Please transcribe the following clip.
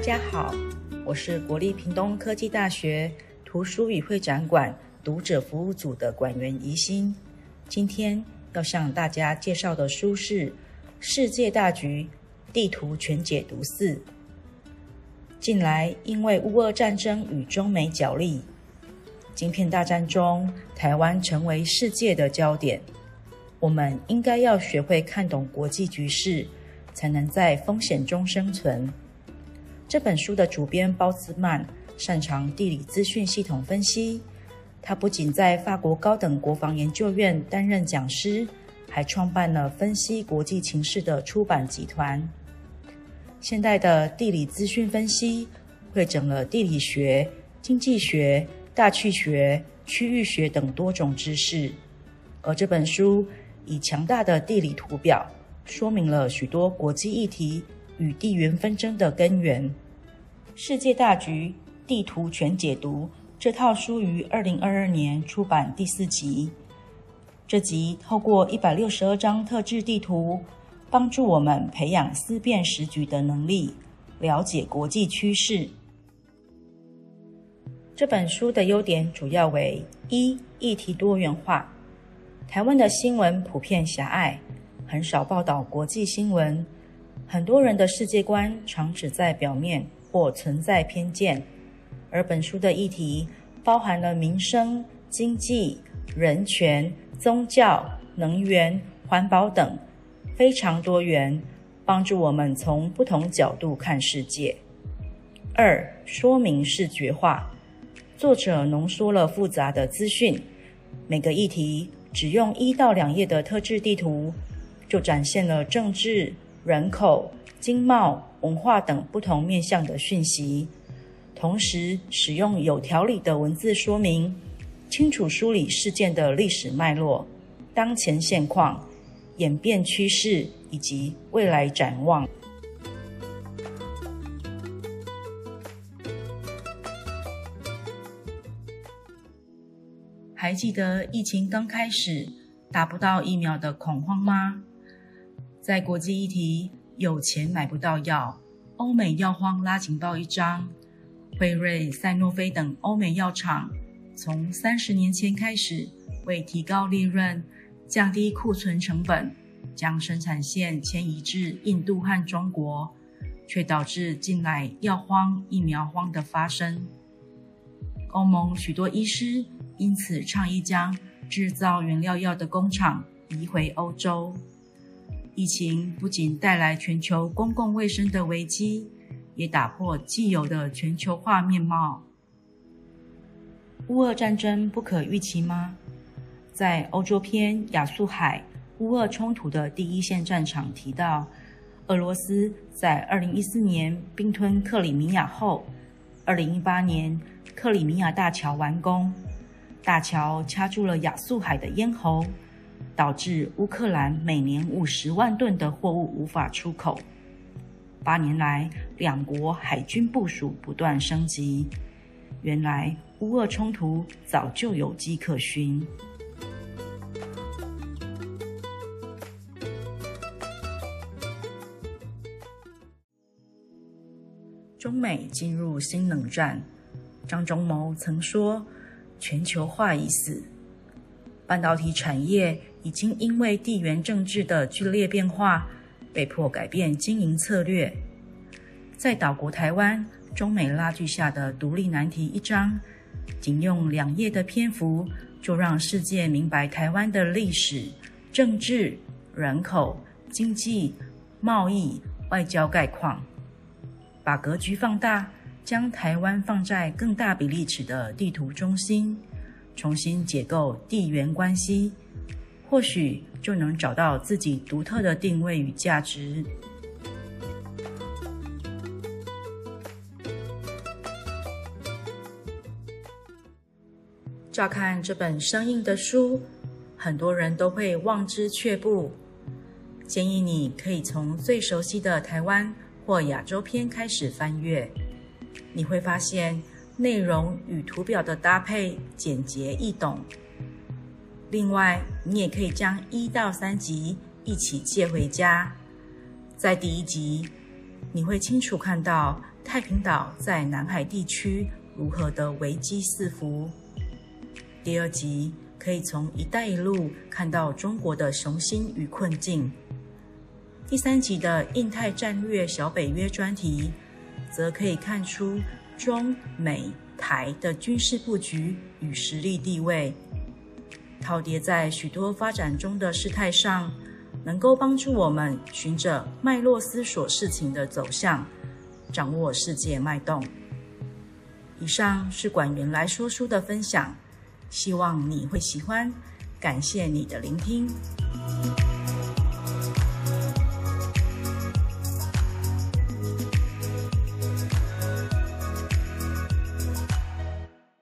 大家好，我是國立屏東科技大學圖書與會展館讀者服務組的館員宜興。今天要向大家介紹的書是《世界大局地圖全解讀四》。近來因為烏俄戰爭與中美角力、晶片大戰中，台灣成為世界的焦點。我們應該要學會看懂國際局勢，才能在風險中生存。這本書的主編鮑茨曼擅長地理資訊系統分析，他不僅在法國高等國防研究院擔任講師，還創辦了分析國際情勢的出版集團。現代的地理資訊分析匯整了地理學、經濟學、大氣學、區域學等多種知識，而這本書以強大的地理圖表，說明了許多國際議題與地緣紛爭的根源。世界大局地圖全解讀這套書於二零二二年出版第四集，這集透過一百六十二張特製地圖，幫助我們培養思辨時局的能力，了解國際趨勢。這本書的優點主要為一、議題多元化。台灣的新聞普遍狹隘，很少報道國際新聞，很多人的世界觀常只在表面。或存在偏見，而本書的議題包含了民生、經濟、人權、宗教、能源、環保等，非常多元，幫助我們從不同角度看世界。二、說明視覺化，作者濃縮了複雜的資訊，每個議題只用一到兩頁的特制地圖，就展現了政治、人口、經貿、文化等不同面向的訊息，同時使用有條理的文字說明，清楚梳理事件的歷史脈絡、當前現況、演變趨勢以及未來展望。還記得疫情剛開始打不到疫苗的恐慌嗎？在國際議題，有錢買不到藥，歐美藥荒拉警報一張，輝瑞、賽諾菲等歐美藥廠，從三十年前開始，為提高利潤、降低庫存成本，將生產線遷移至印度和中國，卻導致近來藥荒、疫苗荒的發生。歐盟許多醫師因此倡議將製造原料藥的工廠移回歐洲。疫情不僅帶來全球公共衛生的危機，也打破既有的全球化面貌。烏俄戰爭不可預期嗎？在歐洲篇亞速海烏俄衝突的第一線戰場提到，俄羅斯在2014年併吞克里米亞後，2018年克里米亞大橋完工，大橋掐住了亞速海的咽喉。導致烏克蘭每年五十萬噸的貨物無法出口。八年來，兩國海軍部署不斷升級。原來，烏俄衝突早就有跡可循。中美進入新冷戰，張忠謀曾說：“全球化已死，半導體產業。”已經因為地緣政治的劇烈變化，被迫改變經營策略。在島國台灣，中美拉鋸下的獨立難題一章，僅用兩頁的篇幅，就讓世界明白台灣的歷史、政治、人口、經濟、貿易、外交概況。把格局放大，將台灣放在更大比例尺的地圖中心，重新解構地緣關係。或許就能找到自己獨特的定位與價值。乍看這本生硬的書，很多人都會望之卻步。建議你可以從最熟悉的台灣或亞洲篇開始翻閱，你會發現內容與圖表的搭配簡潔易懂。另外，你也可以將一到三集一起借回家。在第一集，你會清楚看到太平島在南海地區如何的危機四伏；第二集可以從“一帶一路”看到中國的雄心與困境；第三集的“印太戰略小北約”專題，則可以看出中美台的軍事佈局與實力地位。套疊在許多發展中的事態上，能夠幫助我們循着脈絡思索事情的走向，掌握世界脈動。以上是館員來說書的分享，希望你會喜歡，感謝你的聆聽。